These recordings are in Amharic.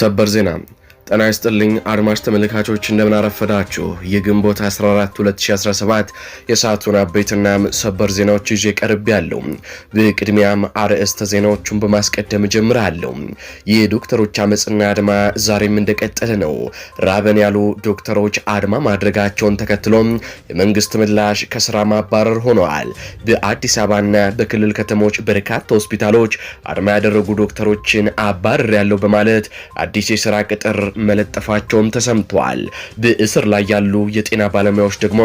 ሰበር ዜና ጤና ይስጥልኝ አድማጭ ተመልካቾች እንደምናረፈዳችሁ። የግንቦት 14 2017 የሰዓቱን አበይትና ሰበር ዜናዎች ይዤ ያለው። በቅድሚያም አርዕስተ ዜናዎቹን በማስቀደም እጀምራለሁ። የዶክተሮች አመፅና አድማ ዛሬም እንደቀጠለ ነው። ራበን ያሉ ዶክተሮች አድማ ማድረጋቸውን ተከትሎ የመንግስት ምላሽ ከስራ ማባረር ሆነዋል። በአዲስ አበባና በክልል ከተሞች በርካታ ሆስፒታሎች አድማ ያደረጉ ዶክተሮችን አባረር ያለው በማለት አዲስ የስራ ቅጥር መለጠፋቸውም ተሰምቷል። በእስር ላይ ያሉ የጤና ባለሙያዎች ደግሞ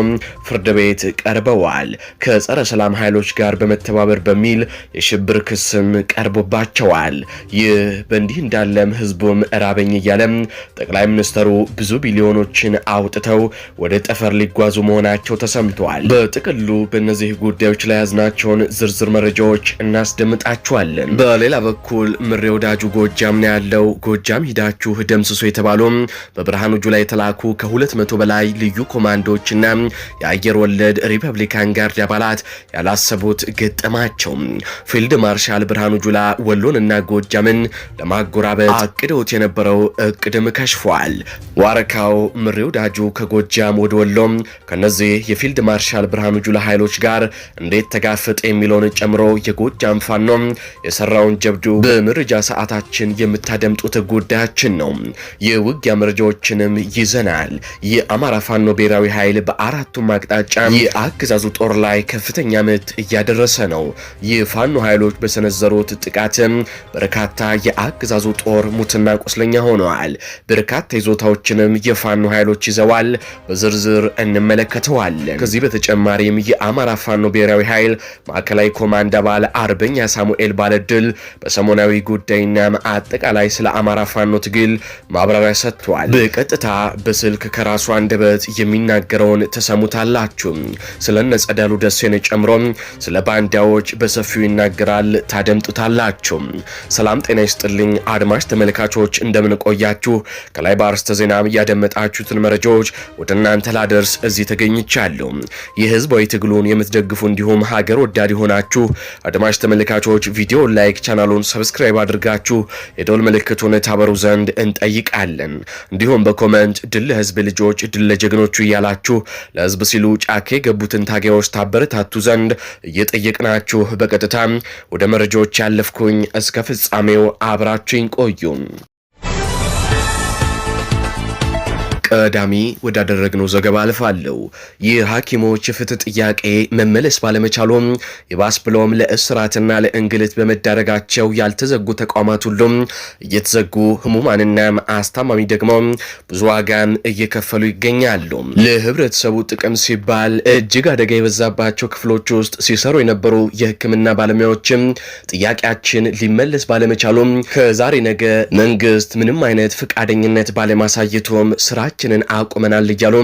ፍርድ ቤት ቀርበዋል። ከጸረ ሰላም ኃይሎች ጋር በመተባበር በሚል የሽብር ክስም ቀርቦባቸዋል። ይህ በእንዲህ እንዳለም ህዝቡም ራበኝ እያለም ጠቅላይ ሚኒስተሩ ብዙ ቢሊዮኖችን አውጥተው ወደ ጠፈር ሊጓዙ መሆናቸው ተሰምተዋል። በጥቅሉ በእነዚህ ጉዳዮች ላይ ያዝናቸውን ዝርዝር መረጃዎች እናስደምጣችኋለን። በሌላ በኩል ምሬ ወዳጁ ጎጃም ነው ያለው። ጎጃም ሂዳችሁ ደምስሶ የተ የተባሉ በብርሃኑ ጁላ የተላኩ ከሁለት መቶ በላይ ልዩ ኮማንዶዎችና የአየር ወለድ ሪፐብሊካን ጋርድ አባላት ያላሰቡት ገጠማቸው። ፊልድ ማርሻል ብርሃኑ ጁላ ወሎንና ጎጃምን ለማጎራበት አቅደውት የነበረው እቅድም ከሽፏል። ዋርካው ምሬው ዳጁ ከጎጃም ወደ ወሎም ከነዚህ የፊልድ ማርሻል ብርሃኑ ጁላ ኃይሎች ጋር እንዴት ተጋፈጠ የሚለውን ጨምሮ የጎጃም ፋኖ የሰራውን ጀብዱ በመረጃ ሰዓታችን የምታደምጡት ጉዳያችን ነው። የውጊያ መረጃዎችንም ይዘናል። የአማራ ፋኖ ብሔራዊ ኃይል በአራቱም አቅጣጫ የአገዛዙ ጦር ላይ ከፍተኛ ምት እያደረሰ ነው። የፋኖ ኃይሎች በሰነዘሩት ጥቃትም በርካታ የአገዛዙ ጦር ሙትና ቁስለኛ ሆነዋል። በርካታ ይዞታዎችንም የፋኖ ኃይሎች ይዘዋል። በዝርዝር እንመለከተዋለን። ከዚህ በተጨማሪም የአማራ ፋኖ ብሔራዊ ኃይል ማዕከላዊ ኮማንድ አባል አርበኛ ሳሙኤል ባለድል በሰሞናዊ ጉዳይና አጠቃላይ ስለ አማራ ፋኖ ትግል ማብራ ማብራሪያ ሰጥቷል። በቀጥታ በስልክ ከራሱ አንደበት የሚናገረውን ተሰሙታላችሁ። ስለ ነጸዳሉ ደሴን ጨምሮ ስለ ባንዳዎች በሰፊው ይናገራል፣ ታደምጡታላችሁ። ሰላም ጤና ይስጥልኝ አድማጭ ተመልካቾች፣ እንደምንቆያችሁ ከላይ በአርስተ ዜና ያደመጣችሁትን መረጃዎች ወደ እናንተ ላደርስ እዚህ ተገኝቻለሁ። የህዝባዊ ትግሉን የምትደግፉ እንዲሁም ሀገር ወዳድ የሆናችሁ አድማጭ ተመልካቾች ቪዲዮ ላይክ፣ ቻናሉን ሰብስክራይብ አድርጋችሁ የዶል ምልክቱን ታበሩ ዘንድ እንጠይቃለን። አይደለም። እንዲሁም በኮመንት ድል ህዝብ ልጆች፣ ድል ጀግኖቹ እያላችሁ ለህዝብ ሲሉ ጫካ የገቡትን ታጋዮች ታበረታቱ ዘንድ እየጠየቅናችሁ በቀጥታ ወደ መረጃዎች ያለፍኩኝ፣ እስከ ፍጻሜው አብራችኝ ቆዩ። ቀዳሚ ወዳደረግነው ዘገባ አልፋለሁ። የሐኪሞች የፍትህ ጥያቄ መመለስ ባለመቻሉም የባስፕሎም ብሎም ለእስራትና ለእንግልት በመዳረጋቸው ያልተዘጉ ተቋማት ሁሉም እየተዘጉ ህሙማንና አስታማሚ ደግሞ ብዙ ዋጋም እየከፈሉ ይገኛሉ። ለህብረተሰቡ ጥቅም ሲባል እጅግ አደጋ የበዛባቸው ክፍሎች ውስጥ ሲሰሩ የነበሩ የህክምና ባለሙያዎችም ጥያቄያችን ሊመለስ ባለመቻሉም ከዛሬ ነገ መንግስት ምንም አይነት ፈቃደኝነት ባለማሳየቱም ስራ ስራችንን አቁመናል እያሉ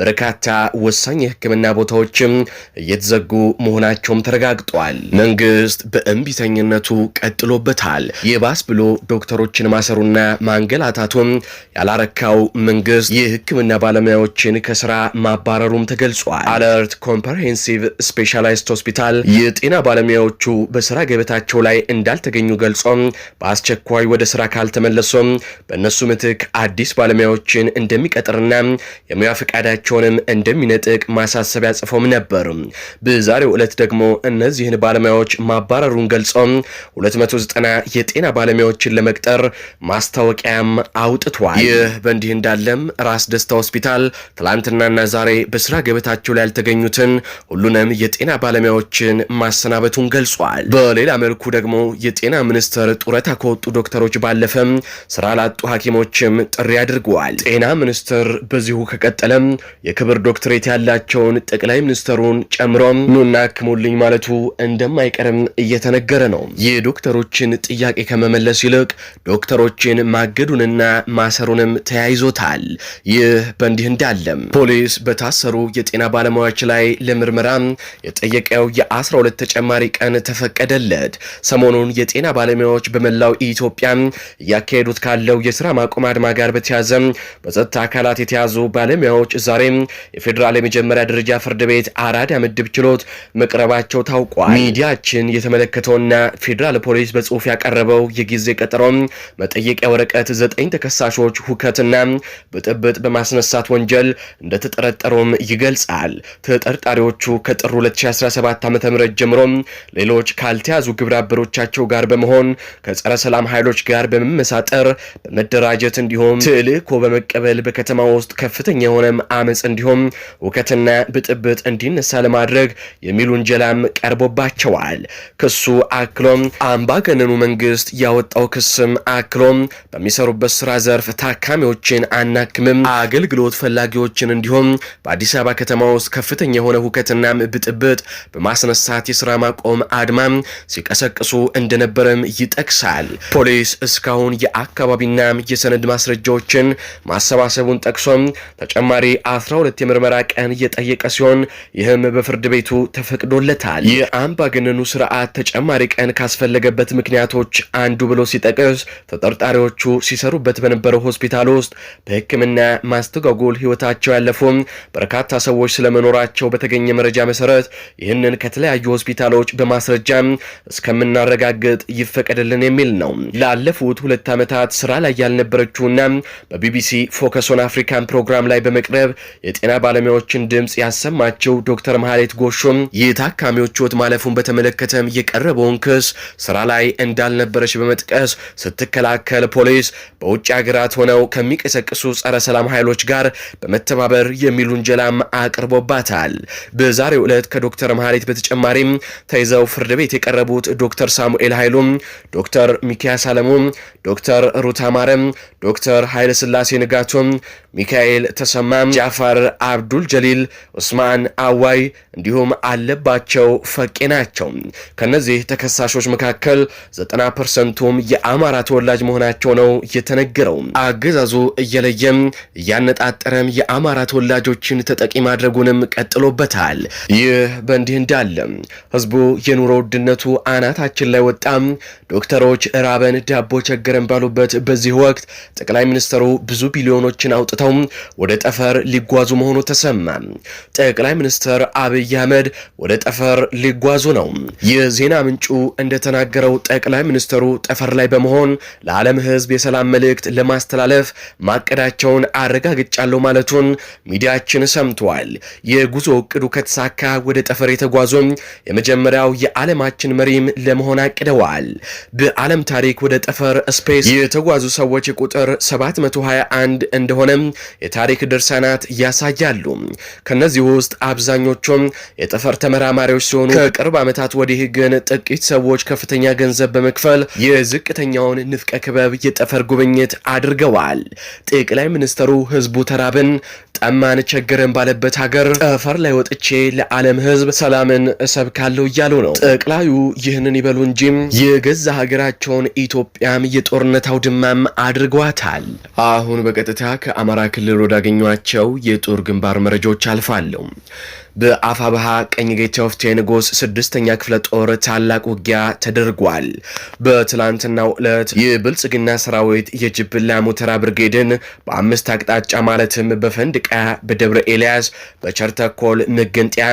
በርካታ ወሳኝ የህክምና ቦታዎችም እየተዘጉ መሆናቸውም ተረጋግጧል። መንግስት በእምቢተኝነቱ ቀጥሎበታል። የባስ ብሎ ዶክተሮችን ማሰሩና ማንገላታቱም ያላረካው መንግስት የህክምና ባለሙያዎችን ከስራ ማባረሩም ተገልጿል። አለርት ኮምፕሬሄንሲቭ ስፔሻላይዝድ ሆስፒታል የጤና ባለሙያዎቹ በስራ ገበታቸው ላይ እንዳልተገኙ ገልጾም በአስቸኳይ ወደ ስራ ካልተመለሱም በእነሱ ምትክ አዲስ ባለሙያዎችን እንደሚ እንደሚቀጥርና የሙያ ፈቃዳቸውንም እንደሚነጥቅ ማሳሰቢያ ጽፎም ነበር። በዛሬው ዕለት ደግሞ እነዚህን ባለሙያዎች ማባረሩን ገልጾ 290 የጤና ባለሙያዎችን ለመቅጠር ማስታወቂያም አውጥቷል። ይህ በእንዲህ እንዳለም ራስ ደስታ ሆስፒታል ትላንትናና ዛሬ በስራ ገበታቸው ላይ ያልተገኙትን ሁሉንም የጤና ባለሙያዎችን ማሰናበቱን ገልጿል። በሌላ መልኩ ደግሞ የጤና ሚኒስቴር ጡረታ ከወጡ ዶክተሮች ባለፈም ስራ ላጡ ሐኪሞችም ጥሪ አድርገዋል። ጤና ሚኒስ ሚኒስትር በዚሁ ከቀጠለም የክብር ዶክትሬት ያላቸውን ጠቅላይ ሚኒስትሩን ጨምሮ ኑና ክሙልኝ ማለቱ እንደማይቀርም እየተነገረ ነው። የዶክተሮችን ጥያቄ ከመመለስ ይልቅ ዶክተሮችን ማገዱንና ማሰሩንም ተያይዞታል። ይህ በእንዲህ እንዳለም ፖሊስ በታሰሩ የጤና ባለሙያዎች ላይ ለምርመራ የጠየቀው የ12 ተጨማሪ ቀን ተፈቀደለት። ሰሞኑን የጤና ባለሙያዎች በመላው ኢትዮጵያ እያካሄዱት ካለው የስራ ማቆም አድማ ጋር በተያዘ በጸጥታ አካላት የተያዙ ባለሙያዎች ዛሬም የፌዴራል የመጀመሪያ ደረጃ ፍርድ ቤት አራዳ ምድብ ችሎት መቅረባቸው ታውቋል። ሚዲያችን የተመለከተውና ፌዴራል ፖሊስ በጽሁፍ ያቀረበው የጊዜ ቀጠሮ መጠየቂያ ወረቀት ዘጠኝ ተከሳሾች ሁከትና ብጥብጥ በማስነሳት ወንጀል እንደተጠረጠሩም ይገልጻል። ተጠርጣሪዎቹ ከጥር 2017 ዓ ም ጀምሮ ሌሎች ካልተያዙ ግብረ አበሮቻቸው ጋር በመሆን ከጸረ ሰላም ኃይሎች ጋር በመመሳጠር በመደራጀት እንዲሁም ትልኮ በመቀበል በከ በከተማ ውስጥ ከፍተኛ የሆነም አመፅ እንዲሁም ውከትና ብጥብጥ እንዲነሳ ለማድረግ የሚል ውንጀላም ቀርቦባቸዋል። ክሱ አክሎም አምባገነኑ መንግስት ያወጣው ክስም አክሎም በሚሰሩበት ስራ ዘርፍ ታካሚዎችን አናክምም፣ አገልግሎት ፈላጊዎችን እንዲሁም በአዲስ አበባ ከተማ ውስጥ ከፍተኛ የሆነ ውከትና ብጥብጥ በማስነሳት የስራ ማቆም አድማ ሲቀሰቅሱ እንደነበረም ይጠቅሳል። ፖሊስ እስካሁን የአካባቢና የሰነድ ማስረጃዎችን ማሰባሰቡ መመዝገቡን ጠቅሶ ተጨማሪ 12 የምርመራ ቀን እየጠየቀ ሲሆን ይህም በፍርድ ቤቱ ተፈቅዶለታል። የአምባገነኑ ስርዓት ተጨማሪ ቀን ካስፈለገበት ምክንያቶች አንዱ ብሎ ሲጠቅስ ተጠርጣሪዎቹ ሲሰሩበት በነበረው ሆስፒታል ውስጥ በሕክምና ማስተጓጎል ህይወታቸው ያለፉ በርካታ ሰዎች ስለመኖራቸው በተገኘ መረጃ መሰረት ይህንን ከተለያዩ ሆስፒታሎች በማስረጃ እስከምናረጋግጥ ይፈቀድልን የሚል ነው። ላለፉት ሁለት ዓመታት ስራ ላይ ያልነበረችውና በቢቢሲ ፎከሶን ፓን አፍሪካን ፕሮግራም ላይ በመቅረብ የጤና ባለሙያዎችን ድምፅ ያሰማቸው ዶክተር መሐሌት ጎሾም የታካሚዎች ሕይወት ማለፉን በተመለከተም የቀረበውን ክስ ስራ ላይ እንዳልነበረች በመጥቀስ ስትከላከል ፖሊስ በውጭ ሀገራት ሆነው ከሚቀሰቅሱ ጸረ ሰላም ኃይሎች ጋር በመተባበር የሚል ውንጀላም አቅርቦባታል። በዛሬው ዕለት ከዶክተር መሐሌት በተጨማሪም ተይዘው ፍርድ ቤት የቀረቡት ዶክተር ሳሙኤል ኃይሉም፣ ዶክተር ሚኪያስ አለሙም፣ ዶክተር ሩት አማረም፣ ዶክተር ኃይለስላሴ ንጋቱም ሚካኤል ተሰማም፣ ጃፋር አብዱል ጀሊል፣ ኡስማን አዋይ እንዲሁም አለባቸው ፈቄ ናቸው። ከነዚህ ተከሳሾች መካከል 90 ፐርሰንቱም የአማራ ተወላጅ መሆናቸው ነው የተነገረው። አገዛዙ እየለየም እያነጣጠረም የአማራ ተወላጆችን ተጠቂ ማድረጉንም ቀጥሎበታል። ይህ በእንዲህ እንዳለ ህዝቡ የኑሮ ውድነቱ አናታችን ላይ ወጣም፣ ዶክተሮች ራበን ዳቦ ቸገረን ባሉበት በዚህ ወቅት ጠቅላይ ሚኒስትሩ ብዙ ቢሊዮኖችን መኪና አውጥተው ወደ ጠፈር ሊጓዙ መሆኑ ተሰማ። ጠቅላይ ሚኒስትር አብይ አህመድ ወደ ጠፈር ሊጓዙ ነው። የዜና ምንጩ እንደተናገረው ጠቅላይ ሚኒስትሩ ጠፈር ላይ በመሆን ለዓለም ሕዝብ የሰላም መልእክት ለማስተላለፍ ማቀዳቸውን አረጋግጫለሁ ማለቱን ሚዲያችን ሰምተዋል። የጉዞ እቅዱ ከተሳካ ወደ ጠፈር የተጓዙ የመጀመሪያው የዓለማችን መሪም ለመሆን አቅደዋል። በዓለም ታሪክ ወደ ጠፈር ስፔስ የተጓዙ ሰዎች ቁጥር 721 እንደሆነ እንደሆነ የታሪክ ድርሳናት ያሳያሉ። ከነዚህ ውስጥ አብዛኞቹም የጠፈር ተመራማሪዎች ሲሆኑ ከቅርብ ዓመታት ወዲህ ግን ጥቂት ሰዎች ከፍተኛ ገንዘብ በመክፈል የዝቅተኛውን ንፍቀ ክበብ የጠፈር ጉብኝት አድርገዋል። ጠቅላይ ሚኒስትሩ ህዝቡ ተራብን፣ ጠማን፣ ቸግርን ባለበት ሀገር ጠፈር ላይ ወጥቼ ለዓለም ህዝብ ሰላምን እሰብካለሁ እያሉ ነው። ጠቅላዩ ይህንን ይበሉ እንጂም የገዛ ሀገራቸውን ኢትዮጵያም የጦርነት አውድማም አድርጓታል። አሁን በቀጥታ ከ ከአማራ ክልል ወዳገኟቸው የጦር ግንባር መረጃዎች አልፋለሁ። በአፋብሃ ቀኝ ጌታ ወፍቴ ንጉስ ስድስተኛ ክፍለ ጦር ታላቅ ውጊያ ተደርጓል። በትላንትናው ዕለት የብልጽግና ሰራዊት የጅብላ ሙተራ ብርጌድን በአምስት አቅጣጫ ማለትም በፈንድቃ፣ በደብረ ኤልያስ፣ በቸርተኮል ምግንጥያ፣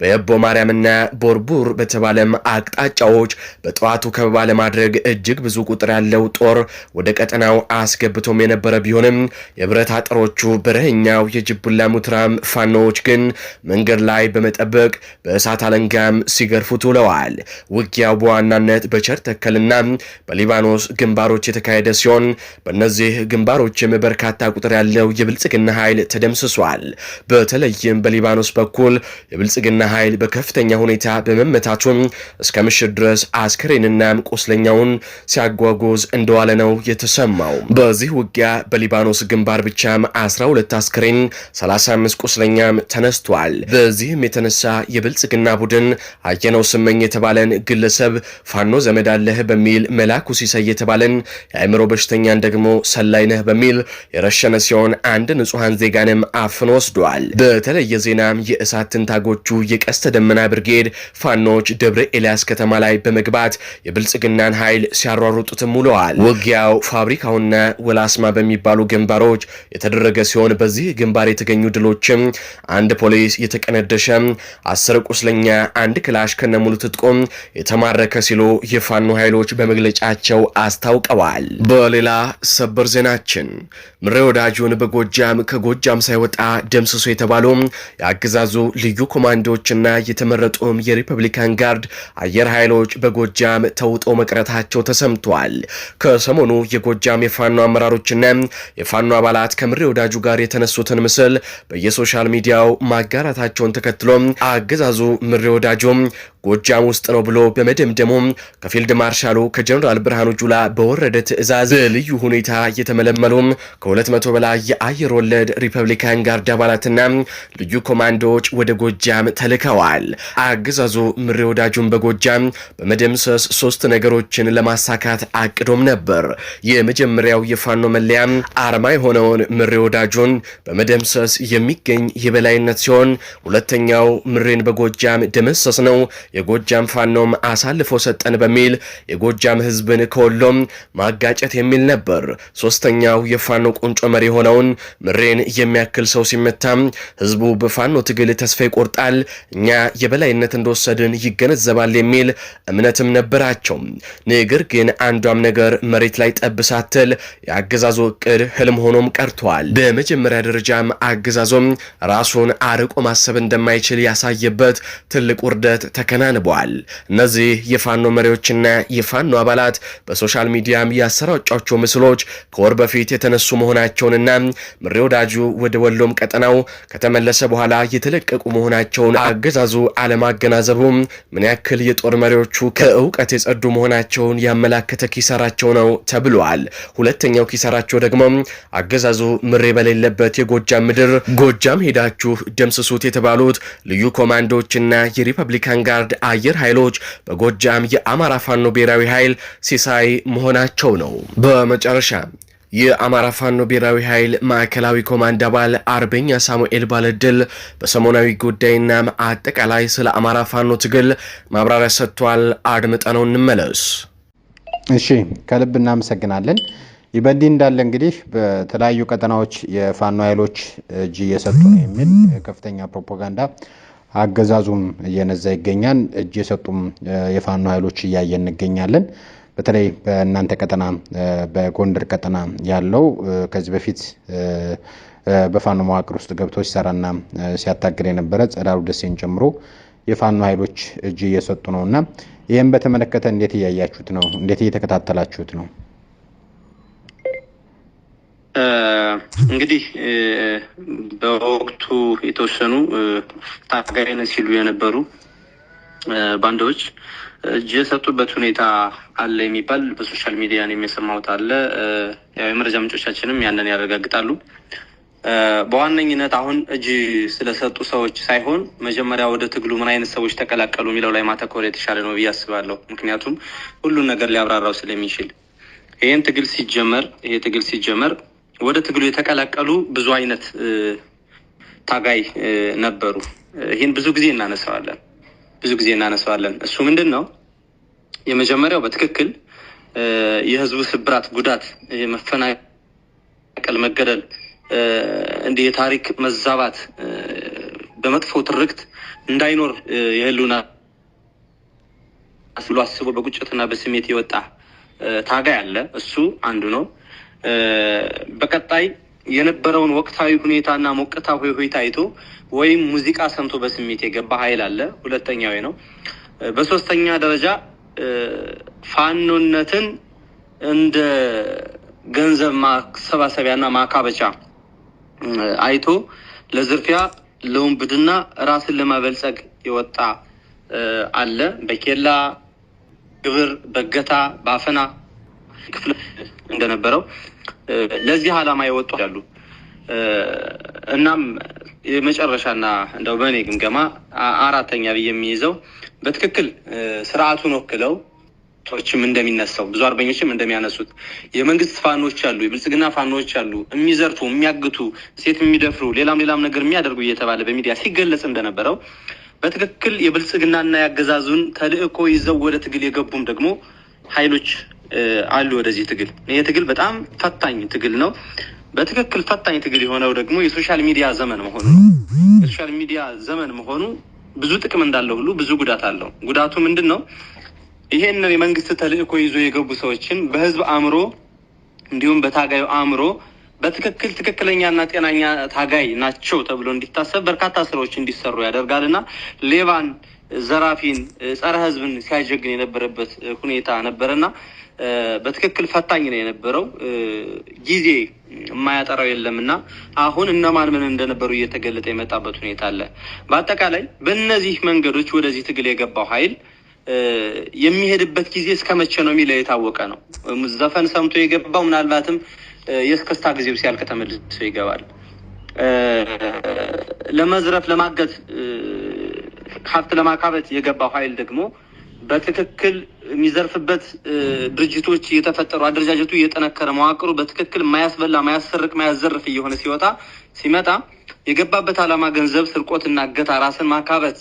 በየቦ ማርያምና ቦርቡር በተባለም አቅጣጫዎች በጠዋቱ ከበባ ለማድረግ እጅግ ብዙ ቁጥር ያለው ጦር ወደ ቀጠናው አስገብቶም የነበረ ቢሆንም የብረት አጥሮቹ በረህኛው የጅብላ ሙትራም ፋኖዎች ግን መንገድ መንገድ ላይ በመጠበቅ በእሳት አለንጋም ሲገርፉት ውለዋል። ውጊያው በዋናነት በቸር ተከልና በሊባኖስ ግንባሮች የተካሄደ ሲሆን በእነዚህ ግንባሮችም በርካታ ቁጥር ያለው የብልጽግና ኃይል ተደምስሷል። በተለይም በሊባኖስ በኩል የብልጽግና ኃይል በከፍተኛ ሁኔታ በመመታቱም እስከ ምሽት ድረስ አስክሬንና ቁስለኛውን ሲያጓጉዝ እንደዋለ ነው የተሰማው። በዚህ ውጊያ በሊባኖስ ግንባር ብቻም 12 አስክሬን፣ 35 ቁስለኛም ተነስቷል። በዚህም የተነሳ የብልጽግና ቡድን አየነው ስመኝ የተባለን ግለሰብ ፋኖ ዘመድ አለህ በሚል መላኩ ሲሳይ የተባለን የአእምሮ በሽተኛን ደግሞ ሰላይ ነህ በሚል የረሸነ ሲሆን አንድ ንጹሐን ዜጋንም አፍኖ ወስዷል። በተለየ ዜናም የእሳት ትንታጎቹ የቀስተ ደመና ብርጌድ ፋኖች ደብረ ኤልያስ ከተማ ላይ በመግባት የብልጽግናን ኃይል ሲያሯሩጡትም ውለዋል። ውጊያው ፋብሪካውና ወላስማ በሚባሉ ግንባሮች የተደረገ ሲሆን በዚህ ግንባር የተገኙ ድሎችም አንድ ፖሊስ የተቀነ የተነደሸ አስር ቁስለኛ፣ አንድ ክላሽ ከነሙሉ ትጥቁም የተማረከ ሲሉ የፋኖ ኃይሎች በመግለጫቸው አስታውቀዋል። በሌላ ሰበር ዜናችን ምሬ ወዳጁን በጎጃም ከጎጃም ሳይወጣ ደምስሶ የተባሉ የአገዛዙ ልዩ ኮማንዶዎችና የተመረጡም የሪፐብሊካን ጋርድ አየር ኃይሎች በጎጃም ተውጠው መቅረታቸው ተሰምቷል። ከሰሞኑ የጎጃም የፋኖ አመራሮችና የፋኖ አባላት ከምሬ ወዳጁ ጋር የተነሱትን ምስል በየሶሻል ሚዲያው ማጋራታቸውን መሆኑን አገዛዙ ምሬ ወዳጆም ጎጃም ውስጥ ነው ብሎ በመደምደሙ ከፊልድ ማርሻሉ ከጀኔራል ብርሃኑ ጁላ በወረደ ትዕዛዝ በልዩ ሁኔታ እየተመለመሉ ከ200 በላይ የአየር ወለድ ሪፐብሊካን ጋርድ አባላትና ልዩ ኮማንዶዎች ወደ ጎጃም ተልከዋል። አገዛዙ ምሬ ወዳጁን በጎጃም በመደምሰስ ሶስት ነገሮችን ለማሳካት አቅዶም ነበር። የመጀመሪያው የፋኖ መለያ አርማ የሆነውን ምሬ ወዳጁን በመደምሰስ የሚገኝ የበላይነት ሲሆን፣ ሁለተኛው ምሬን በጎጃም ደመሰስ ነው የጎጃም ፋኖም አሳልፎ ሰጠን በሚል የጎጃም ህዝብን ከወሎም ማጋጨት የሚል ነበር። ሶስተኛው የፋኖ ቁንጮ መሪ የሆነውን ምሬን የሚያክል ሰው ሲመታም ህዝቡ በፋኖ ትግል ተስፋ ይቆርጣል፣ እኛ የበላይነት እንደወሰድን ይገነዘባል የሚል እምነትም ነበራቸው። ነገር ግን አንዷም ነገር መሬት ላይ ጠብ ሳትል የአገዛዙ እቅድ ህልም ሆኖም ቀርቷል። በመጀመሪያ ደረጃም አገዛዞም ራሱን አርቆ ማሰብ እንደማይችል ያሳየበት ትልቅ ውርደት ተከ ተከናንበዋል። እነዚህ የፋኖ መሪዎችና የፋኖ አባላት በሶሻል ሚዲያም ያሰራጫቸው ምስሎች ከወር በፊት የተነሱ መሆናቸውንና ምሬ ወዳጁ ወደ ወሎም ቀጠናው ከተመለሰ በኋላ የተለቀቁ መሆናቸውን አገዛዙ አለማገናዘቡም ምን ያክል የጦር መሪዎቹ ከእውቀት የጸዱ መሆናቸውን ያመላከተ ኪሳራቸው ነው ተብሏል። ሁለተኛው ኪሳራቸው ደግሞ አገዛዙ ምሬ በሌለበት የጎጃም ምድር ጎጃም ሄዳችሁ ደምስሱት የተባሉት ልዩ ኮማንዶዎችና የሪፐብሊካን ጋር የባዕድ አየር ኃይሎች በጎጃም የአማራ ፋኖ ብሔራዊ ኃይል ሲሳይ መሆናቸው ነው። በመጨረሻ የአማራ ፋኖ ብሔራዊ ኃይል ማዕከላዊ ኮማንድ አባል አርበኛ ሳሙኤል ባለድል በሰሞናዊ ጉዳይና አጠቃላይ ስለ አማራ ፋኖ ትግል ማብራሪያ ሰጥቷል። አድምጠነው እንመለስ። እሺ፣ ከልብ እናመሰግናለን። ይህ በእንዲህ እንዳለ እንግዲህ በተለያዩ ቀጠናዎች የፋኖ ኃይሎች እጅ እየሰጡ ነው የሚል ከፍተኛ ፕሮፓጋንዳ አገዛዙም እየነዛ ይገኛል። እጅ የሰጡም የፋኖ ኃይሎች እያየ እንገኛለን። በተለይ በእናንተ ቀጠና በጎንደር ቀጠና ያለው ከዚህ በፊት በፋኖ መዋቅር ውስጥ ገብቶ ሲሰራና ሲያታግል የነበረ ጸዳሉ ደሴን ጨምሮ የፋኖ ኃይሎች እጅ እየሰጡ ነው እና ይህም በተመለከተ እንዴት እያያችሁት ነው? እንዴት እየተከታተላችሁት ነው? እንግዲህ በወቅቱ የተወሰኑ ታጋይ ሲሉ የነበሩ ባንዳዎች እጅ የሰጡበት ሁኔታ አለ የሚባል በሶሻል ሚዲያ የሚሰማውት አለ። የመረጃ ምንጮቻችንም ያንን ያረጋግጣሉ። በዋነኝነት አሁን እጅ ስለሰጡ ሰዎች ሳይሆን መጀመሪያ ወደ ትግሉ ምን አይነት ሰዎች ተቀላቀሉ የሚለው ላይ ማተኮር የተሻለ ነው ብዬ አስባለሁ። ምክንያቱም ሁሉን ነገር ሊያብራራው ስለሚችል ይህን ትግል ሲጀመር ይሄ ትግል ሲጀመር ወደ ትግሉ የተቀላቀሉ ብዙ አይነት ታጋይ ነበሩ። ይህን ብዙ ጊዜ እናነሳዋለን ብዙ ጊዜ እናነሳዋለን። እሱ ምንድን ነው? የመጀመሪያው በትክክል የህዝቡ ስብራት፣ ጉዳት፣ መፈናቀል፣ መገደል እንዲህ የታሪክ መዛባት በመጥፎ ትርክት እንዳይኖር የህሉና ብሎ አስቦ በቁጭትና በስሜት የወጣ ታጋይ አለ። እሱ አንዱ ነው። በቀጣይ የነበረውን ወቅታዊ ሁኔታና ሞቅታዊ ሁኔታ አይቶ ወይም ሙዚቃ ሰምቶ በስሜት የገባ ኃይል አለ። ሁለተኛው ነው። በሶስተኛ ደረጃ ፋኖነትን እንደ ገንዘብ ማሰባሰቢያና ማካበቻ አይቶ ለዝርፊያ፣ ለውንብድና ራስን ለማበልጸግ የወጣ አለ። በኬላ ግብር፣ በገታ፣ በአፈና ክፍለ እንደነበረው ለዚህ ዓላማ የወጡ ያሉ እናም የመጨረሻና እንደው በእኔ ግምገማ አራተኛ ብዬ የሚይዘው በትክክል ስርዓቱን ወክለው ቶችም እንደሚነሳው ብዙ አርበኞችም እንደሚያነሱት የመንግስት ፋኖች አሉ፣ የብልጽግና ፋኖች አሉ፣ የሚዘርፉ የሚያግቱ፣ ሴት የሚደፍሩ፣ ሌላም ሌላም ነገር የሚያደርጉ እየተባለ በሚዲያ ሲገለጽ እንደነበረው በትክክል የብልጽግናና ያገዛዙን ተልእኮ ይዘው ወደ ትግል የገቡም ደግሞ ኃይሎች አሉ ወደዚህ ትግል። ይህ ትግል በጣም ፈታኝ ትግል ነው። በትክክል ፈታኝ ትግል የሆነው ደግሞ የሶሻል ሚዲያ ዘመን መሆኑ ነው። የሶሻል ሚዲያ ዘመን መሆኑ ብዙ ጥቅም እንዳለው ሁሉ ብዙ ጉዳት አለው። ጉዳቱ ምንድን ነው? ይሄን የመንግስት ተልእኮ ይዞ የገቡ ሰዎችን በህዝብ አእምሮ እንዲሁም በታጋዩ አእምሮ በትክክል ትክክለኛና ጤናኛ ታጋይ ናቸው ተብሎ እንዲታሰብ በርካታ ስራዎች እንዲሰሩ ያደርጋል ሌባን ዘራፊን፣ ጸረ ህዝብን ሲያጀግን የነበረበት ሁኔታ ነበረና በትክክል ፈታኝ ነው የነበረው። ጊዜ የማያጠራው የለም እና አሁን እነማን ምን እንደነበሩ እየተገለጠ የመጣበት ሁኔታ አለ። በአጠቃላይ በእነዚህ መንገዶች ወደዚህ ትግል የገባው ኃይል የሚሄድበት ጊዜ እስከ መቼ ነው የሚለው የታወቀ ነው። ዘፈን ሰምቶ የገባው ምናልባትም የእስክስታ ጊዜው ሲያልቅ ተመልሶ ይገባል። ለመዝረፍ ለማገት ሀብት ለማካበት የገባው ኃይል ደግሞ በትክክል የሚዘርፍበት ድርጅቶች የተፈጠሩ አደረጃጀቱ እየጠነከረ መዋቅሩ በትክክል ማያስበላ ማያሰርቅ ማያዘርፍ እየሆነ ሲወጣ ሲመጣ የገባበት ዓላማ ገንዘብ፣ ስርቆትና እገታ ራስን ማካበት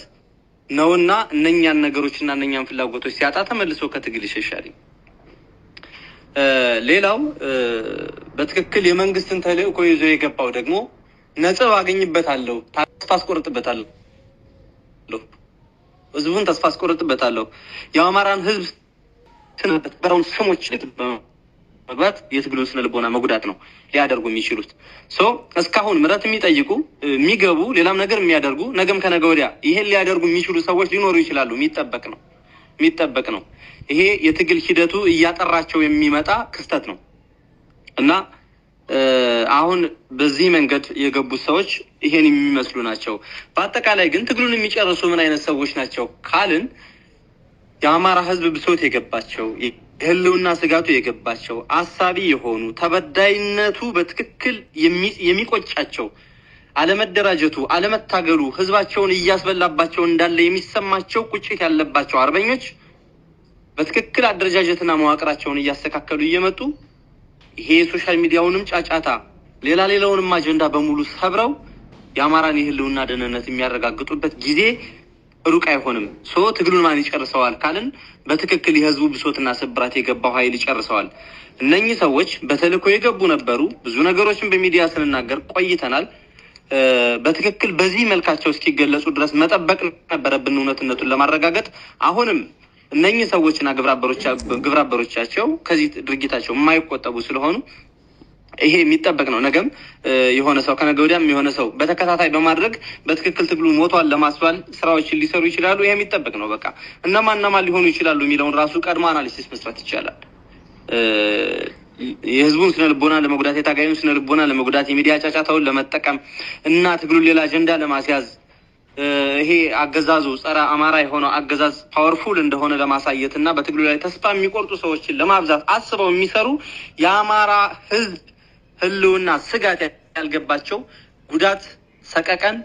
ነውና እነኛን ነገሮችና እነኛን ፍላጎቶች ሲያጣ ተመልሶ ከትግል ይሸሻል። ሌላው በትክክል የመንግስትን ተልእኮ ይዞ የገባው ደግሞ ነጥብ አገኝበታለሁ፣ ተስፋ አስቆርጥበታለሁ አለሁ። ህዝቡን ተስፋ አስቆርጥበታለሁ። የአማራን ህዝብ ስነበትበረውን ስሞች መግባት የትግሉ ስነ ልቦና መጉዳት ነው ሊያደርጉ የሚችሉት። እስካሁን ምረት የሚጠይቁ የሚገቡ፣ ሌላም ነገር የሚያደርጉ ነገም ከነገ ወዲያ ይሄን ሊያደርጉ የሚችሉ ሰዎች ሊኖሩ ይችላሉ። የሚጠበቅ ነው የሚጠበቅ ነው። ይሄ የትግል ሂደቱ እያጠራቸው የሚመጣ ክስተት ነው እና አሁን በዚህ መንገድ የገቡት ሰዎች ይሄን የሚመስሉ ናቸው። በአጠቃላይ ግን ትግሉን የሚጨርሱ ምን አይነት ሰዎች ናቸው ካልን የአማራ ህዝብ ብሶት የገባቸው የህልውና ስጋቱ የገባቸው አሳቢ የሆኑ ተበዳይነቱ በትክክል የሚቆጫቸው አለመደራጀቱ፣ አለመታገሉ ህዝባቸውን እያስበላባቸው እንዳለ የሚሰማቸው ቁጭት ያለባቸው አርበኞች በትክክል አደረጃጀትና መዋቅራቸውን እያስተካከሉ እየመጡ ይሄ የሶሻል ሚዲያውንም ጫጫታ ሌላ ሌላውንም አጀንዳ በሙሉ ሰብረው የአማራን የህልውና ደህንነት የሚያረጋግጡበት ጊዜ ሩቅ አይሆንም። ሶ ትግሉን ማን ይጨርሰዋል ካልን በትክክል የህዝቡ ብሶትና ስብራት የገባው ኃይል ይጨርሰዋል። እነኚህ ሰዎች በተልእኮ የገቡ ነበሩ። ብዙ ነገሮችን በሚዲያ ስንናገር ቆይተናል። በትክክል በዚህ መልካቸው እስኪገለጹ ድረስ መጠበቅ ነበረብን እውነትነቱን ለማረጋገጥ አሁንም እነኚህ ሰዎችና ግብረአበሮቻቸው ከዚህ ድርጊታቸው የማይቆጠቡ ስለሆኑ ይሄ የሚጠበቅ ነው። ነገም የሆነ ሰው ከነገ ወዲያም የሆነ ሰው በተከታታይ በማድረግ በትክክል ትግሉ ሞቷል ለማስባል ስራዎችን ሊሰሩ ይችላሉ። ይሄ የሚጠበቅ ነው። በቃ እነማን እነማ ሊሆኑ ይችላሉ የሚለውን ራሱ ቀድሞ አናሊሲስ መስራት ይቻላል። የህዝቡን ስነ ልቦና ለመጉዳት የታጋዩን ስነ ልቦና ለመጉዳት የሚዲያ ጫጫታውን ለመጠቀም እና ትግሉን ሌላ አጀንዳ ለማስያዝ ይሄ አገዛዙ ጸረ አማራ የሆነው አገዛዝ ፓወርፉል እንደሆነ ለማሳየት እና በትግሉ ላይ ተስፋ የሚቆርጡ ሰዎችን ለማብዛት አስበው የሚሰሩ የአማራ ህዝብ ህልውና ስጋት ያልገባቸው ጉዳት፣ ሰቀቀን፣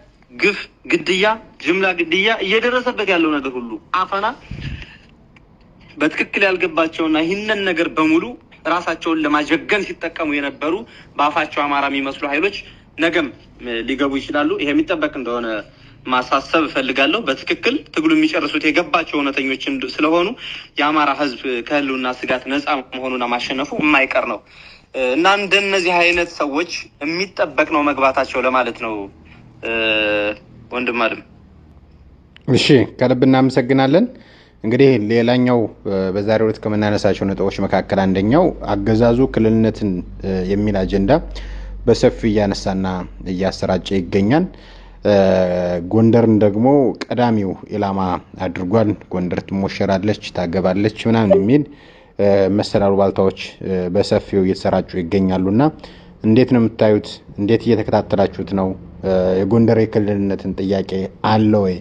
ግፍ፣ ግድያ፣ ጅምላ ግድያ እየደረሰበት ያለው ነገር ሁሉ አፈና በትክክል ያልገባቸውና ይህንን ነገር በሙሉ ራሳቸውን ለማጀገን ሲጠቀሙ የነበሩ በአፋቸው አማራ የሚመስሉ ኃይሎች ነገም ሊገቡ ይችላሉ። ይሄ የሚጠበቅ እንደሆነ ማሳሰብ እፈልጋለሁ። በትክክል ትግሉ የሚጨርሱት የገባቸው እውነተኞች ስለሆኑ የአማራ ህዝብ ከህልውና ስጋት ነፃ መሆኑና ማሸነፉ የማይቀር ነው እና እንደነዚህ አይነት ሰዎች የሚጠበቅ ነው መግባታቸው ለማለት ነው። ወንድም አድም እሺ፣ ከልብ እናመሰግናለን። እንግዲህ ሌላኛው በዛሬ ሁለት ከምናነሳቸው ነጥቦች መካከል አንደኛው አገዛዙ ክልልነትን የሚል አጀንዳ በሰፊ እያነሳና እያሰራጨ ይገኛል። ጎንደርን ደግሞ ቀዳሚው ኢላማ አድርጓል። ጎንደር ትሞሸራለች፣ ታገባለች ምናምን የሚል መሰል አሉባልታዎች በሰፊው እየተሰራጩ ይገኛሉና እንዴት ነው የምታዩት? እንዴት እየተከታተላችሁት ነው? የጎንደር የክልልነትን ጥያቄ አለ ወይ?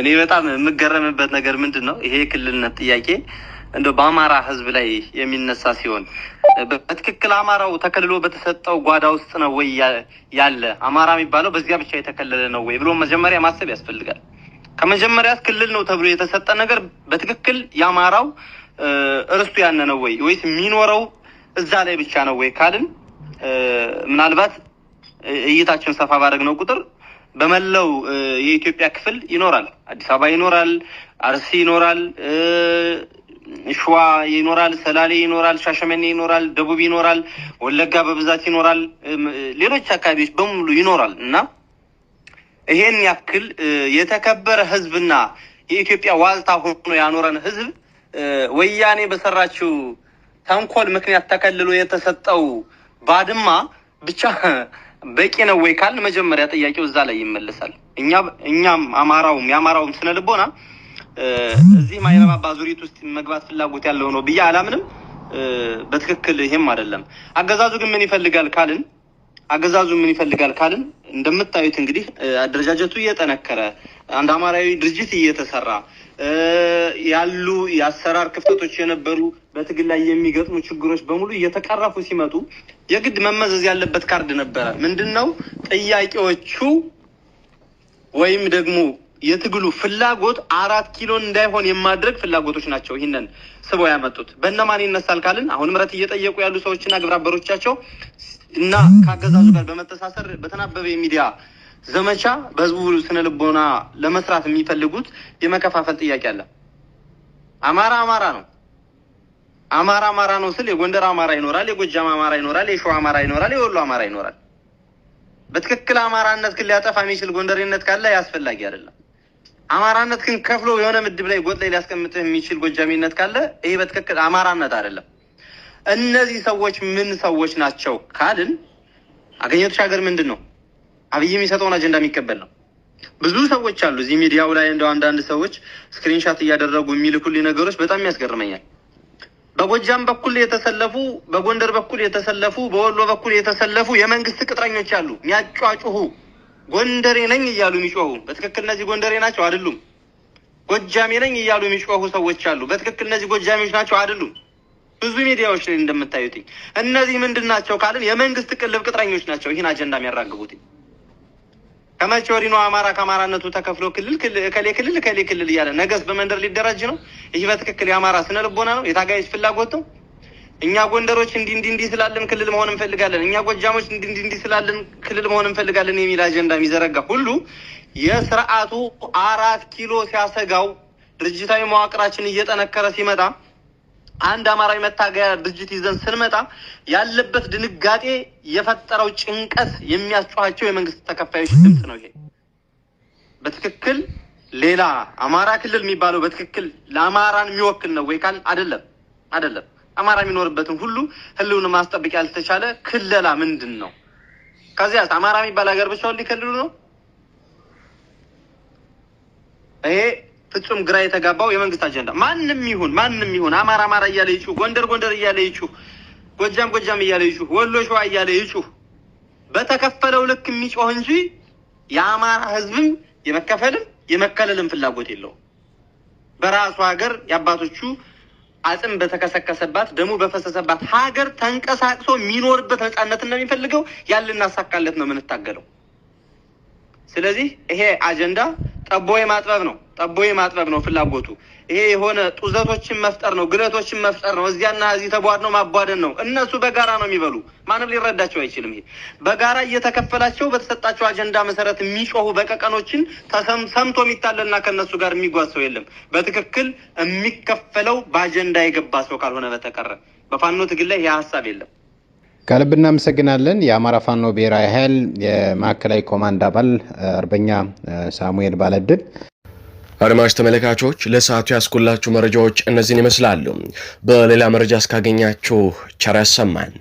እኔ በጣም የምገረምበት ነገር ምንድን ነው ይሄ የክልልነት ጥያቄ እንደ በአማራ ህዝብ ላይ የሚነሳ ሲሆን በትክክል አማራው ተከልሎ በተሰጠው ጓዳ ውስጥ ነው ወይ ያለ አማራ የሚባለው በዚያ ብቻ የተከለለ ነው ወይ ብሎ መጀመሪያ ማሰብ ያስፈልጋል። ከመጀመሪያ ክልል ነው ተብሎ የተሰጠ ነገር በትክክል የአማራው እርስቱ ያነ ነው ወይ ወይስ የሚኖረው እዛ ላይ ብቻ ነው ወይ ካልን ምናልባት እይታችን ሰፋ ነው ቁጥር በመላው የኢትዮጵያ ክፍል ይኖራል። አዲስ አበባ ይኖራል፣ አርሲ ይኖራል፣ ሸዋ ይኖራል፣ ሰላሌ ይኖራል፣ ሻሸመኔ ይኖራል፣ ደቡብ ይኖራል፣ ወለጋ በብዛት ይኖራል፣ ሌሎች አካባቢዎች በሙሉ ይኖራል እና ይሄን ያክል የተከበረ ህዝብና የኢትዮጵያ ዋልታ ሆኖ ያኖረን ህዝብ ወያኔ በሰራችው ተንኮል ምክንያት ተከልሎ የተሰጠው ባድማ ብቻ በቂ ነው ወይ ካል መጀመሪያ ጥያቄው እዛ ላይ ይመለሳል። እኛም አማራውም የአማራውም ስነልቦና እዚህ ማይረባ ባዙሪት ውስጥ መግባት ፍላጎት ያለው ነው ብዬ አላምንም። በትክክል ይሄም አይደለም። አገዛዙ ግን ምን ይፈልጋል ካልን አገዛዙ ምን ይፈልጋል ካልን እንደምታዩት እንግዲህ አደረጃጀቱ እየጠነከረ አንድ አማራዊ ድርጅት እየተሰራ ያሉ የአሰራር ክፍተቶች የነበሩ በትግል ላይ የሚገጥሙ ችግሮች በሙሉ እየተቀረፉ ሲመጡ የግድ መመዘዝ ያለበት ካርድ ነበረ። ምንድን ነው ጥያቄዎቹ ወይም ደግሞ የትግሉ ፍላጎት አራት ኪሎን እንዳይሆን የማድረግ ፍላጎቶች ናቸው። ይህንን ስበው ያመጡት በእነማን ይነሳል ካልን አሁን ምረት እየጠየቁ ያሉ ሰዎችና ግብረአበሮቻቸው እና ከአገዛዙ ጋር በመተሳሰር በተናበበ የሚዲያ ዘመቻ በህዝቡ ስነ ልቦና ለመስራት የሚፈልጉት የመከፋፈል ጥያቄ አለ። አማራ አማራ ነው። አማራ አማራ ነው ስል የጎንደር አማራ ይኖራል፣ የጎጃም አማራ ይኖራል፣ የሸዋ አማራ ይኖራል፣ የወሎ አማራ ይኖራል። በትክክል አማራነት ክን ሊያጠፋ የሚችል ጎንደሬነት ካለ ያስፈላጊ አይደለም። አማራነት ግን ከፍሎ የሆነ ምድብ ላይ ጎጥ ላይ ሊያስቀምጥህ የሚችል ጎጃሚነት ካለ ይህ በትክክል አማራነት አይደለም። እነዚህ ሰዎች ምን ሰዎች ናቸው ካልን አገኘሁ ተሻገር ምንድን ነው አብይ የሚሰጠውን አጀንዳ የሚቀበል ነው። ብዙ ሰዎች አሉ እዚህ ሚዲያው ላይ እንደው አንዳንድ ሰዎች ስክሪንሻት እያደረጉ የሚልኩልኝ ነገሮች በጣም ያስገርመኛል። በጎጃም በኩል የተሰለፉ፣ በጎንደር በኩል የተሰለፉ፣ በወሎ በኩል የተሰለፉ የመንግስት ቅጥረኞች አሉ የሚያጫጩሁ ጎንደሬ ነኝ እያሉ የሚጮሁ በትክክል እነዚህ ጎንደሬ ናቸው አይደሉም? ጎጃሜ ነኝ እያሉ የሚጮሁ ሰዎች አሉ። በትክክል እነዚህ ጎጃሜዎች ናቸው አይደሉም? ብዙ ሚዲያዎች ላይ እንደምታዩትኝ እነዚህ ምንድን ናቸው ካልን የመንግስት ቅልብ ቅጥረኞች ናቸው። ይህን አጀንዳ የሚያራግቡት ከመቼ ወዲህ ነው አማራ ከአማራነቱ ተከፍሎ ክልል ከሌ ክልል ከሌ ክልል እያለ ነገስ በመንደር ሊደራጅ ነው? ይህ በትክክል የአማራ ስነ ልቦና ነው? የታጋዮች ፍላጎት ነው? እኛ ጎንደሮች እንዲ እንዲ እንዲ ስላለን ክልል መሆን እንፈልጋለን፣ እኛ ጎጃሞች እንዲ እንዲ እንዲ ስላለን ክልል መሆን እንፈልጋለን የሚል አጀንዳ የሚዘረጋ ሁሉ የስርዓቱ አራት ኪሎ ሲያሰጋው ድርጅታዊ መዋቅራችን እየጠነከረ ሲመጣ አንድ አማራዊ መታገያ ድርጅት ይዘን ስንመጣ ያለበት ድንጋጤ የፈጠረው ጭንቀት የሚያስጨኋቸው የመንግስት ተከፋዮች ድምፅ ነው። ይሄ በትክክል ሌላ አማራ ክልል የሚባለው በትክክል ለአማራን የሚወክል ነው ወይ ካል አደለም፣ አደለም። አማራ የሚኖርበትን ሁሉ ህልውን ማስጠበቅ ያልተቻለ ክለላ ምንድን ነው? ከዚያ አማራ የሚባል ሀገር ብቻ ሊከልሉ ነው? ይሄ ፍጹም ግራ የተጋባው የመንግስት አጀንዳ። ማንም ይሁን ማንም ይሁን አማራ አማራ እያለ ይጩህ፣ ጎንደር ጎንደር እያለ ይጩህ፣ ጎጃም ጎጃም እያለ ይጩህ፣ ወሎ ሸዋ እያለ ይጩህ፣ በተከፈለው ልክ የሚጮህ እንጂ የአማራ ህዝብም የመከፈልም የመከለልም ፍላጎት የለውም። በራሱ ሀገር የአባቶቹ አጽም በተከሰከሰባት ደሙ በፈሰሰባት ሀገር ተንቀሳቅሶ የሚኖርበት ነጻነት እንደሚፈልገው የሚፈልገው። ያን ልናሳካለት ነው የምንታገለው። ስለዚህ ይሄ አጀንዳ ጠቦ ማጥበብ ነው፣ ጠቦ ማጥበብ ነው ፍላጎቱ። ይሄ የሆነ ጡዘቶችን መፍጠር ነው፣ ግለቶችን መፍጠር ነው። እዚያና እዚህ ተቧድ ነው ማቧደን ነው። እነሱ በጋራ ነው የሚበሉ፣ ማንም ሊረዳቸው አይችልም። ይሄ በጋራ እየተከፈላቸው በተሰጣቸው አጀንዳ መሰረት የሚጮሁ በቀቀኖችን ሰምቶ የሚታለልና ከእነሱ ጋር የሚጓዝ ሰው የለም። በትክክል የሚከፈለው በአጀንዳ የገባ ሰው ካልሆነ በተቀረ በፋኖ ትግል ላይ ይህ ሀሳብ የለም። ከልብ እናመሰግናለን። የአማራ ፋኖ ብሔራዊ ኃይል የማዕከላዊ ኮማንድ አባል አርበኛ ሳሙኤል ባለድል አድማጭ ተመልካቾች ለሰዓቱ ያስኩላችሁ መረጃዎች እነዚህን ይመስላሉ። በሌላ መረጃ እስካገኛችሁ ቸር ያሰማን።